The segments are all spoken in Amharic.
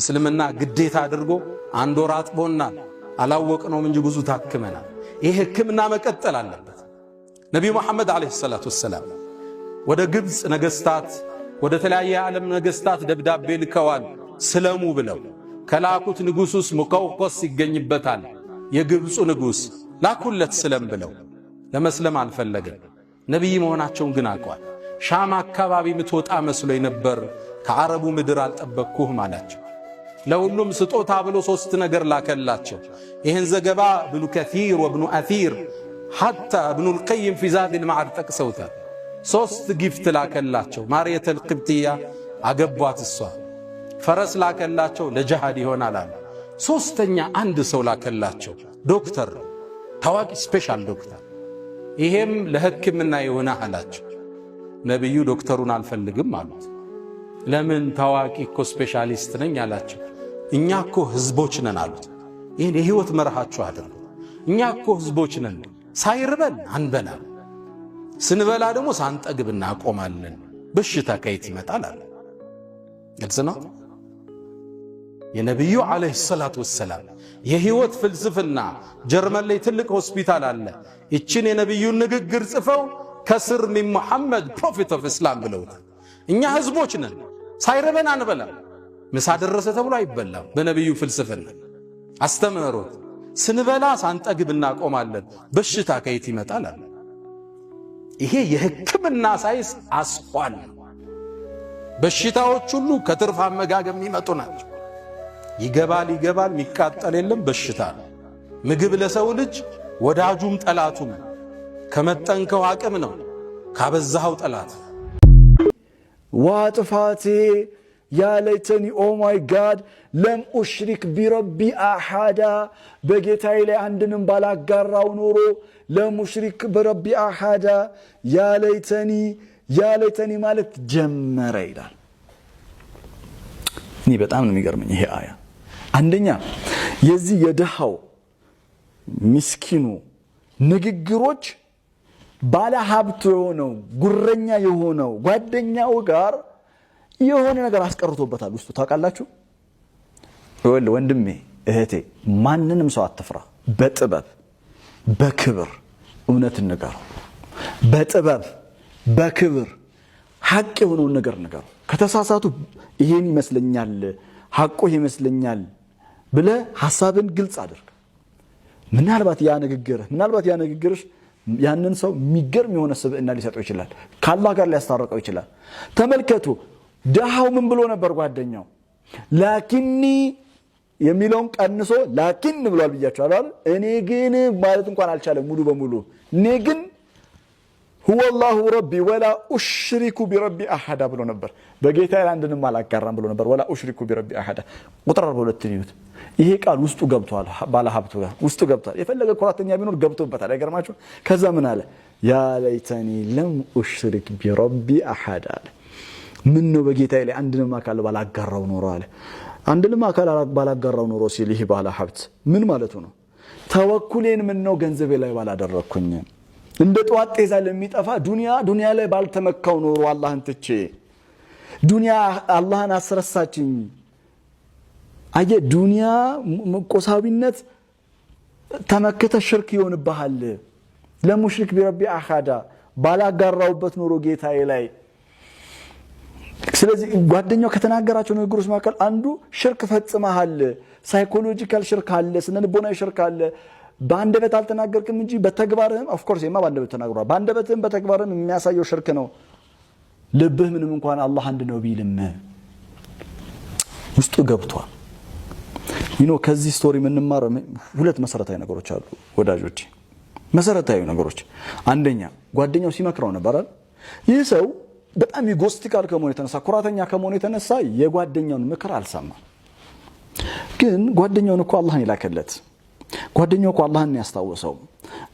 እስልምና ግዴታ አድርጎ አንድ ወር አጥቦናል። አላወቅነውም እንጂ ብዙ ታክመናል። ይህ ሕክምና መቀጠል አለበት። ነቢዩ መሐመድ ዓለይሂ ሰላቱ ወሰላም ወደ ግብፅ ነገሥታት፣ ወደ ተለያየ የዓለም ነገሥታት ደብዳቤ ልከዋል። ስለሙ ብለው ከላኩት ንጉሥ ውስጥ ሙቀውቆስ ይገኝበታል። የግብፁ ንጉሥ ላኩለት ስለም ብለው ለመስለም አልፈለገም። ነቢይ መሆናቸውን ግን አውቋል። ሻም አካባቢ ምትወጣ መስሎ ነበር፣ ከዓረቡ ምድር አልጠበቅኩህም አላቸው። ለሁሉም ስጦታ ብሎ ሶስት ነገር ላከላቸው። ይህን ዘገባ እብኑ ከሲር ወእብኑ አሲር ሐታ እብኑል ቀይም ፊ ዛዲል መዓድ ጠቅሰውታል። ሶስት ጊፍት ላከላቸው። ማርየተ ቅብጥያ አገቧት፣ እሷ ፈረስ ላከላቸው፣ ለጅሃድ ይሆናል አሉ። ሶስተኛ አንድ ሰው ላከላቸው፣ ዶክተር ታዋቂ ስፔሻል ዶክተር፣ ይሄም ለህክምና የሆነ አላቸው። ነቢዩ ዶክተሩን አልፈልግም አሉት። ለምን? ታዋቂ እኮ ስፔሻሊስት ነኝ አላቸው። እኛ እኮ ህዝቦች ነን አሉት። ይህን የህይወት መርሃችሁ አድርጉ። እኛ እኮ ህዝቦች ነን፣ ሳይርበን አንበላም፣ ስንበላ ደግሞ ሳንጠግብ እናቆማለን። በሽታ ከየት ይመጣል አለ። ግልጽ ነው። የነቢዩ ዓለይሂ ሰላቱ ወሰላም የህይወት ፍልስፍና ጀርመን ላይ ትልቅ ሆስፒታል አለ። ይችን የነቢዩን ንግግር ጽፈው ከስር ሚን ሙሐመድ ፕሮፌት ኦፍ እስላም ብለውታል። እኛ ህዝቦች ነን፣ ሳይርበን አንበላም ምሳ ደረሰ ተብሎ አይበላም። በነቢዩ ፍልስፍና አስተምህሮት ስንበላ ሳንጠግብ እናቆማለን። በሽታ ከየት ይመጣል አለ። ይሄ የሕክምና ሳይንስ አስኳል በሽታዎች ሁሉ ከትርፍ አመጋገብ የሚመጡ ናቸው። ይገባል ይገባል፣ የሚቃጠል የለም በሽታ ነው። ምግብ ለሰው ልጅ ወዳጁም ጠላቱም ከመጠንከው አቅም ነው፣ ካበዛኸው ጠላት ዋ ጥፋቴ ያለይተኒ ኦ ማይ ጋድ ለም ኡሽሪክ ቢረቢ አሓዳ በጌታዬ ላይ አንድንም ባላጋራው ኖሮ ለም ኡሽሪክ ቢረቢ አሓዳ ያ ለይተኒ ማለት ጀመረ ይላል። እኔ በጣም ነው የሚገርመኝ ይሄ አያ። አንደኛ የዚህ የድሃው ምስኪኑ ንግግሮች ባለ ሀብት የሆነው ጉረኛ የሆነው ጓደኛው ጋር የሆነ ነገር አስቀርቶበታል ውስጡ ታውቃላችሁ። ወንድሜ እህቴ፣ ማንንም ሰው አትፍራ። በጥበብ በክብር እውነት ንገረው። በጥበብ በክብር ሀቅ የሆነውን ነገር ንገረው። ከተሳሳቱ ይሄን ይመስለኛል፣ ሀቁ ይመስለኛል ብለ ሀሳብን ግልጽ አድርግ። ምናልባት ያ ንግግርህ ምናልባት ያ ንግግርሽ ያንን ሰው የሚገርም የሆነ ስብዕና ሊሰጠው ይችላል። ካላህ ጋር ሊያስታረቀው ይችላል። ተመልከቱ ድሃው ምን ብሎ ነበር ጓደኛው? ላኪኒ የሚለውን ቀንሶ ላኪን ብሏል ብያቸዋል። እኔ ግን ማለት እንኳን አልቻለም ሙሉ በሙሉ እኔ ግን ሁወ ላሁ ረቢ ወላ ኡሽሪኩ ቢረቢ አሐዳ ብሎ ነበር። በጌታ አንድንም አላጋራም ብሎ ነበር። ወላ ኡሽሪኩ ቢረቢ አሐዳ ቁጥር አርባ ሁለትን ይዩት። ይሄ ቃል ውስጡ ገብቷል፣ ባለሀብቱ ጋር ውስጡ ገብቷል። የፈለገ ኩራተኛ ቢኖር ገብቶበታል። አይገርማችሁ? ከዛ ምን አለ? ያ ለይተኒ ለም ኡሽሪክ ቢረቢ አሃዳ። አለ ምን ነው በጌታ ላይ አንድንም አካል ባላጋራው ኖሮ አለ። አንድንም አካል ባላጋራው ኖሮ ሲል ይህ ባለ ሀብት ምን ማለቱ ነው? ተወኩሌን ምን ነው ገንዘቤ ላይ ባላደረግኩኝ፣ እንደ ጠዋት ጤዛ ለሚጠፋ ዱንያ ዱንያ ላይ ባልተመካው ኖሮ አላህን ትቼ ዱንያ አላህን አስረሳችኝ። አየ ዱንያ ቆሳዊነት ተመክተ ሽርክ ይሆንብሃል። ለሙሽሪክ ቢረቢ አኻዳ ባላጋራውበት ኖሮ ጌታዬ ላይ ስለዚህ ጓደኛው ከተናገራቸው ንግግሮች መካከል አንዱ ሽርክ ፈጽመሃል፣ ሳይኮሎጂካል ሽርክ አለ፣ ስነልቦናዊ ሽርክ አለ። በአንደበት አልተናገርክም እንጂ በተግባርህም ኦፍኮርስ ማ በአንደበት ተናግሯል። በአንደበትህም በተግባርህም የሚያሳየው ሽርክ ነው። ልብህ ምንም እንኳን አላህ አንድ ነው ቢልም ውስጡ ገብቷል። ይኖ ከዚህ ስቶሪ የምንማረው ሁለት መሰረታዊ ነገሮች አሉ ወዳጆች፣ መሰረታዊ ነገሮች። አንደኛ ጓደኛው ሲመክረው ነበራል ይህ ሰው በጣም ኢጎስቲካል ከመሆኑ የተነሳ ኩራተኛ ከመሆኑ የተነሳ የጓደኛውን ምክር አልሰማም። ግን ጓደኛውን እኮ አላህን ይላከለት ጓደኛው እኮ አላህን ያስታወሰው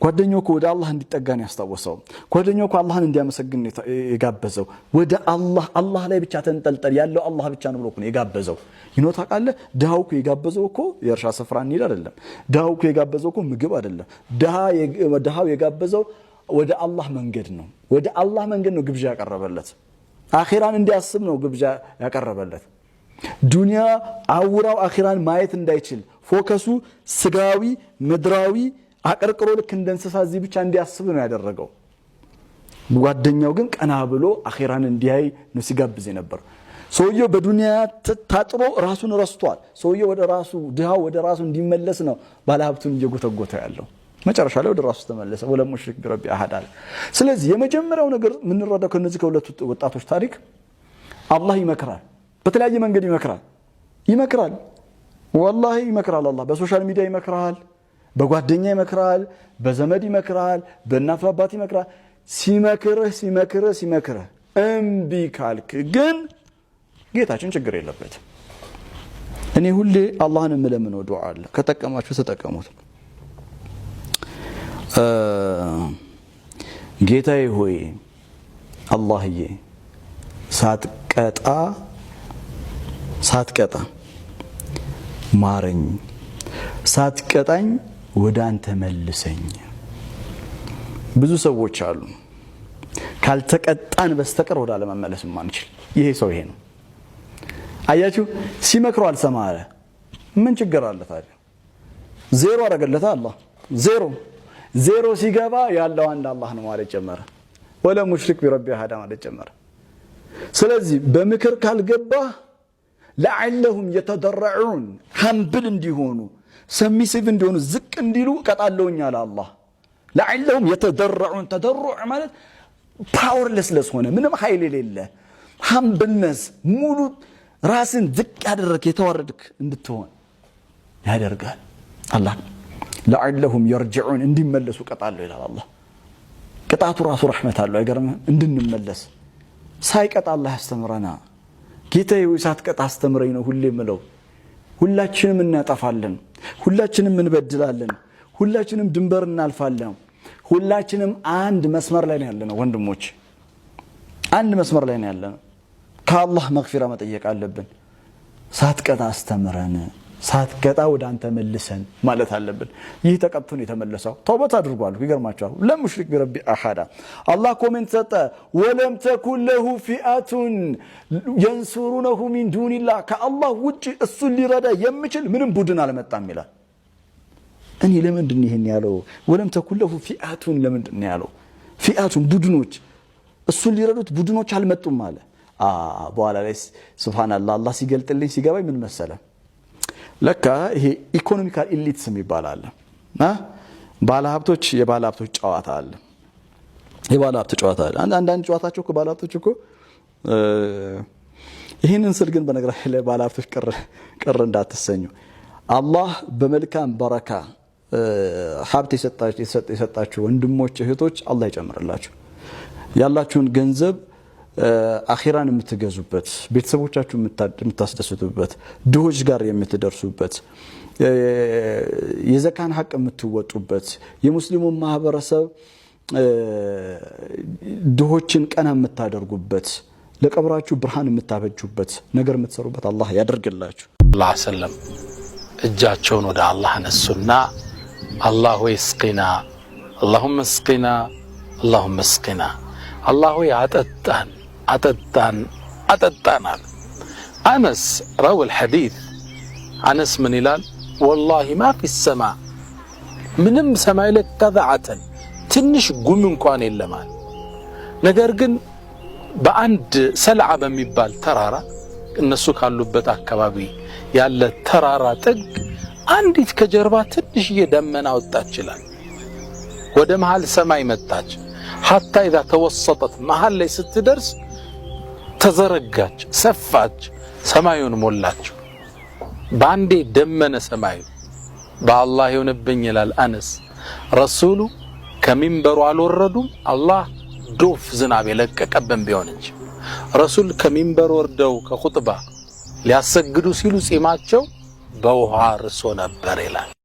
ጓደኛው እኮ ወደ አላህ እንዲጠጋን ያስታወሰው ጓደኛው እኮ አላህን እንዲያመሰግን የጋበዘው ወደ አላህ አላህ ላይ ብቻ ተንጠልጠል ያለው አላህ ብቻ ነው ብሎ የጋበዘው ይኖ ታውቃለህ። ድሃው እኮ የጋበዘው እኮ የእርሻ ስፍራ እንሂድ አይደለም። ድሃው እኮ የጋበዘው እኮ ምግብ አይደለም። ድሃው የጋበዘው ወደ አላህ መንገድ ነው። ወደ አላህ መንገድ ነው ግብዣ ያቀረበለት። አኺራን እንዲያስብ ነው ግብዣ ያቀረበለት። ዱንያ አውራው አኺራን ማየት እንዳይችል ፎከሱ ስጋዊ ምድራዊ አቀርቅሮ ልክ እንደ እንስሳ እዚህ ብቻ እንዲያስብ ነው ያደረገው። ጓደኛው ግን ቀና ብሎ አኼራን እንዲያይ ነው ሲጋብዝ ነበር። ሰውየው በዱንያ ታጥሮ ራሱን ረስቷል። ሰውየው ወደ ራሱ ድሃው ወደ ራሱ እንዲመለስ ነው ባለሀብቱን እየጎተጎተ ያለው። መጨረሻ ላይ ወደ ራሱ ተመለሰ። ወለም ሙሽሪክ ቢረቢ አሃድ አለ። ስለዚህ የመጀመሪያው ነገር የምንረዳው ከነዚህ ከሁለት ወጣቶች ታሪክ አላህ ይመክራል፣ በተለያየ መንገድ ይመክራል። ይመክራል፣ ወላሂ ይመክራል። አላህ በሶሻል ሚዲያ ይመክራል፣ በጓደኛ ይመክራል፣ በዘመድ ይመክራል፣ በእናት አባት ይመክራል። ሲመክርህ ሲመክርህ ሲመክርህ እምቢ ካልክ ግን ጌታችን ችግር የለበትም። እኔ ሁሌ አላህን የምለምነው ዱዓ አለ። ከጠቀማችሁ ተጠቀሙት። ጌታዬ ሆይ አላህዬ ሳትቀጣ ሳትቀጣ ማረኝ፣ ሳትቀጣኝ ወደ አንተ መልሰኝ። ብዙ ሰዎች አሉ ካልተቀጣን በስተቀር ወደ አለመመለስ ማንችል። ይሄ ሰው ይሄ ነው። አያችሁ፣ ሲመክሮ አልሰማ አለ። ምን ችግር አለ ታዲያ? ዜሮ አረገለታ አላህ ዜሮ ዜሮ ሲገባ ያለው አንድ አላህ ነው ማለት ጀመረ። ወለ ሙሽሪክ ቢረቢ ሀዳ ማለት ጀመረ። ስለዚህ በምክር ካልገባህ ለዓለሁም የተደረዑን ሀምብል እንዲሆኑ ሰሚሲቭ እንዲሆኑ ዝቅ እንዲሉ ቀጣለውኛ ለአላህ አላህ። ለዓለሁም የተደረዑን ተደሩዕ ማለት ፓወርለስ ለስ ሆነ ምንም ኃይል የሌለ ሀምብልነስ ሙሉ ራስን ዝቅ ያደረግ የተዋረድክ እንድትሆን ያደርጋል አላህ ለዓለሁም የርጅዑን እንዲመለሱ ቀጣለሁ ይላል አላህ። ቅጣቱ ራሱ ረሕመት አለው አይገርምህም? እንድንመለስ ሳይቀጣ አላህ ያስተምረና ጌታ ሳት ቀጣ አስተምረኝ ነው ሁሌ ምለው። ሁላችንም እናጠፋለን፣ ሁላችንም እንበድላለን፣ ሁላችንም ድንበር እናልፋለን። ሁላችንም አንድ መስመር ላይ ነው ያለነው ወንድሞች፣ አንድ መስመር ላይ ነው ያለነው። ከአላህ መግፊራ መጠየቅ አለብን። ሳትቀጣ አስተምረን ሳትቀጣ ወደ አንተ መልሰን ማለት አለብን። ይህ ተቀጥቶ ነው የተመለሰው። ተውበት አድርጓል። ይገርማቸዋል። ለም ዩሽሪክ ቢረቢ አሓዳ አላህ ኮሜንት ሰጠ። ወለም ተኩን ለሁ ፊአቱን የንሱሩነሁ ሚን ዱኒላህ ከአላህ ውጭ እሱን ሊረዳ የሚችል ምንም ቡድን አልመጣም ይላል። እኔ ለምንድን ይህን ያለው? ወለም ተኩን ለሁ ፊአቱን ለምንድን ያለው? ፊአቱን ቡድኖች፣ እሱን ሊረዱት ቡድኖች አልመጡም አለ። በኋላ ላይ ስብሓናላ አላህ ሲገልጥልኝ ሲገባኝ ምን መሰለ ለካ ይሄ ኢኮኖሚካል ኢሊትስ የሚባል አለ እና ባለሀብቶች ሀብቶች ጨዋታ አለ። ሀብት ጨዋታ አለ። አንዳንድ ጨዋታቸው እኮ ሀብቶች እኮ ይህንን ስል ግን በነገራችን ላይ ባለሀብቶች ቅር እንዳትሰኙ፣ አላህ በመልካም በረካ ሀብት የሰጣችሁ ወንድሞች እህቶች አላህ ይጨምርላችሁ ያላችሁን ገንዘብ አኺራን የምትገዙበት፣ ቤተሰቦቻችሁ የምታስደስቱበት፣ ድሆች ጋር የምትደርሱበት፣ የዘካን ሀቅ የምትወጡበት፣ የሙስሊሙን ማህበረሰብ ድሆችን ቀና የምታደርጉበት፣ ለቀብራችሁ ብርሃን የምታበጁበት ነገር የምትሰሩበት አላህ ያደርግላችሁ። አላህ ሰለም እጃቸውን ወደ አላህ ነሱና አላህ እስቂና፣ አላሁመ እስቂና፣ አላሁመ እስቂና፣ አላሁ አጠጣን አጠጣን አጠጣናል። አነስ ረውል ሐዲት አነስ ምን ይላል? ወላሂ ማ ፊ ሰማ ምንም ሰማይ ላይ ቀዛዓተን ትንሽ ጉም እንኳን የለማል። ነገር ግን በአንድ ሰልዓ በሚባል ተራራ እነሱ ካሉበት አካባቢ ያለ ተራራ ጥግ አንዲት ከጀርባ ትንሽዬ ደመና ወጣች ይላል። ወደ መሃል ሰማይ መጣች። ሐታ ኢዛ ተወሰጠት መሃል ላይ ስትደርስ ተዘረጋች፣ ሰፋች፣ ሰማዩን ሞላችው። በአንዴ ደመነ ሰማዩ። በአላህ ይሆንብኝ ይላል አነስ። ረሱሉ ከሚንበሩ አልወረዱም አላህ ዶፍ ዝናብ የለቀቀብን ቢሆን እንጂ ረሱል ከሚንበር ወርደው ከኹጥባ ሊያሰግዱ ሲሉ ጺማቸው በውሃ ርሶ ነበር ይላል።